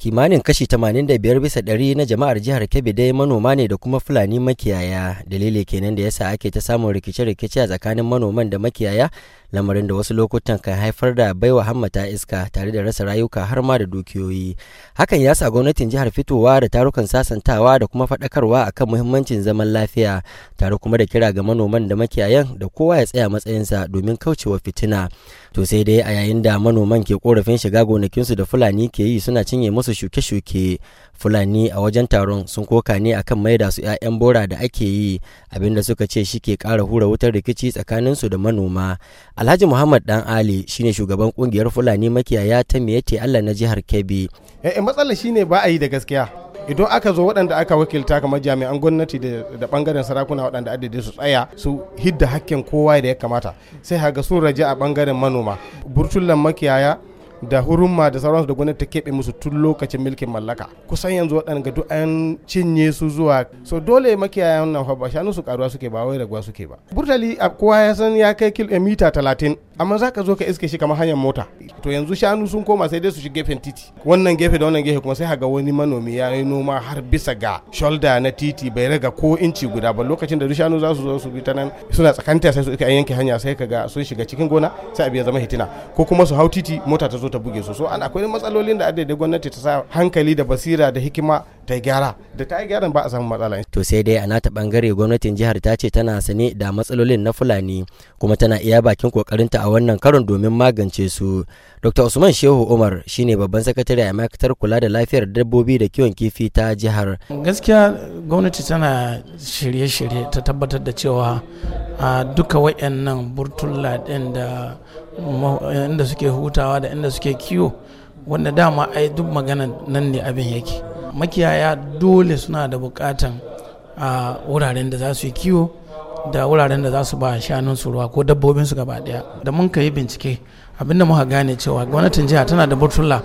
kimanin kashi 85 bisa ɗari na jama'ar jihar kebbi dai manoma ne da kuma fulani makiyaya dalili kenan da yasa ake ta samun rikice-rikice a tsakanin manoman da makiyaya lamarin da wasu lokutan kan haifar da baiwa hammata iska tare da rasa rayuka har ma da dukiyoyi hakan yasa gwamnatin jihar fitowa da tarukan sasantawa da kuma faɗakarwa akan muhimmancin zaman lafiya tare kuma da kira ga manoman da makiyayan da kowa ya tsaya matsayinsa domin kaucewa fitina to sai dai a yayin da manoman ke korafin shiga gonakinsu da fulani ke yi suna cinye musu masu shuke-shuke fulani a wajen taron sun koka ne akan maida su 'ya'yan bora da ake yi abinda suka ce shi ke kara hura wutar rikici tsakaninsu da manoma alhaji muhammad dan ali shine shugaban kungiyar fulani makiyaya ta miyete allah na jihar kebbi e matsalar shine ba a yi da gaskiya idan aka zo waɗanda aka wakilta kamar jami'an gwamnati da bangaren sarakuna waɗanda adadi su tsaya su hidda hakkin kowa da ya kamata sai haga sun raje a bangaren manoma burtullan makiyaya da hurumma da sauransu da gwamnati ta keɓe musu tun lokacin milkin mallaka kusan yanzu waɗanda duk an cinye su zuwa so dole makiyayan nan fa shanu su karuwa suke ba wai raguwa suke ba burtali kowa ya san ya kai kilo eh, mita talatin amma za ka zo ka iske shi kamar hanyar mota to yanzu shanu sun koma sai dai su shi gefen titi wannan gefe da wannan gefe kuma sai haga wani manomi ya yi noma har bisa ga shoulder na titi bai raga ko inci guda ba lokacin da duk shanu za su zo su bi ta nan suna tsakanta sai su an yanke hanya sai kaga sun shiga cikin gona sai abin ya zama hitina ko kuma su hau titi mota ta zo ta buge su so an akwai matsalolin da adadin gwamnati ta sa hankali da basira da hikima ta yi gyara da ta yi gyaran ba a samu matsala to sai dai a nata bangare gwamnatin jihar ta ce tana sane da matsalolin na fulani kuma tana iya bakin kokarinta a wannan karon domin magance su dr usman shehu umar shine babban sakatare a ma'aikatar kula da lafiyar dabbobi da kiwon kifi ta jihar gaskiya gwamnati tana shirye-shirye ta tabbatar da cewa a duka wayannan burtulla din da inda suke hutawa da inda suke kiwo wanda dama ai duk magana nan ne abin yake makiyaya dole suna da bukatan a wuraren da za su yi kiwo da wuraren da za su ba su ruwa ko dabbobin su gaba daya da mun ka yi bincike abinda muka gane cewa gwamnatin jiha tana da butula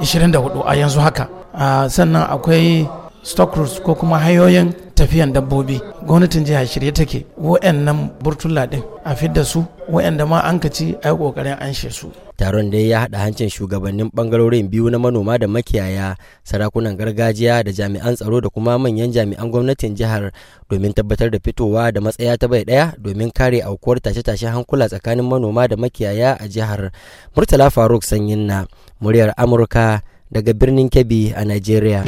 24 a yanzu haka sannan akwai stock routes ko kuma hanyoyin tafiyan dabbobi gwamnatin jiha shirye take nan burtula din a fidda su da ma an kaci a yi kokarin an su taron da ya haɗa hancin shugabannin bangarorin biyu na manoma da makiyaya sarakunan gargajiya da jami'an tsaro da kuma manyan jami'an gwamnatin jihar domin tabbatar da fitowa da matsaya ta bai ɗaya domin kare aukuwar tashe-tashen hankula tsakanin manoma da makiyaya a jihar murtala faruk sanyin na muryar amurka daga birnin kebbi a nigeria.